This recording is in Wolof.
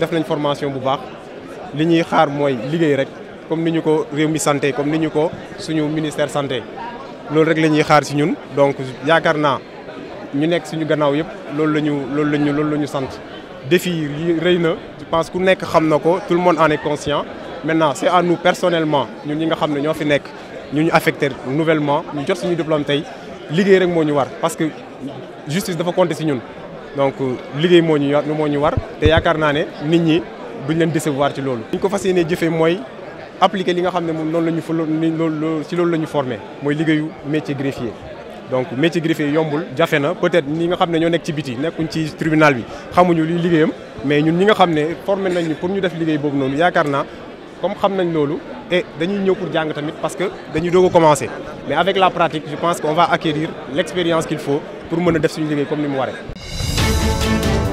def nañ formation bu baax li ñuy xaar moy liggéey rek comme niñu ko réew mi santé comme niñu ko suñu ministère santé loolu rek lañuy xaar ci ñun donc yaakaar naa ñu nekk suñu gannaaw yëpp loolu lañu ñu loolu la ñu loolu la sant défi yi rëy na je pense ku nekk xam na ko tout le monde en est conscient maintenant c'est à nous personnellement ñun ñi nga xam ne ñoo fi nekk ñu ñu affecté nouvellement ñu jot suñu diplôme tey liggéey rek moo ñu war parce que justice dafa compter ci ñun donc liggéey moo ñu moo ñu war te yaakaar naa ne nit ñi duñ leen décevoir ci loolu. ñu ko fas yéenee jëfee mooy appliquer li nga xam ne moom noonu la ñu fa loolu ci loolu la ñu formé mooy métier greffier. donc métier greffier yombul jafe na peut-être ni nga xam ne activité nekk ci biti nekkuñ ci tribunal bi xamuñu li liggéeyam mais ñun ñi nga xam ne formé non pour ñu def liggéey boobu non yaakaar naa comme xam nañ et dañuy ñëw pour parce que nous devons commencer mais avec la pratique je pense qu'on va acquérir l'expérience qu'il faut pour pouvoir faire def comme ni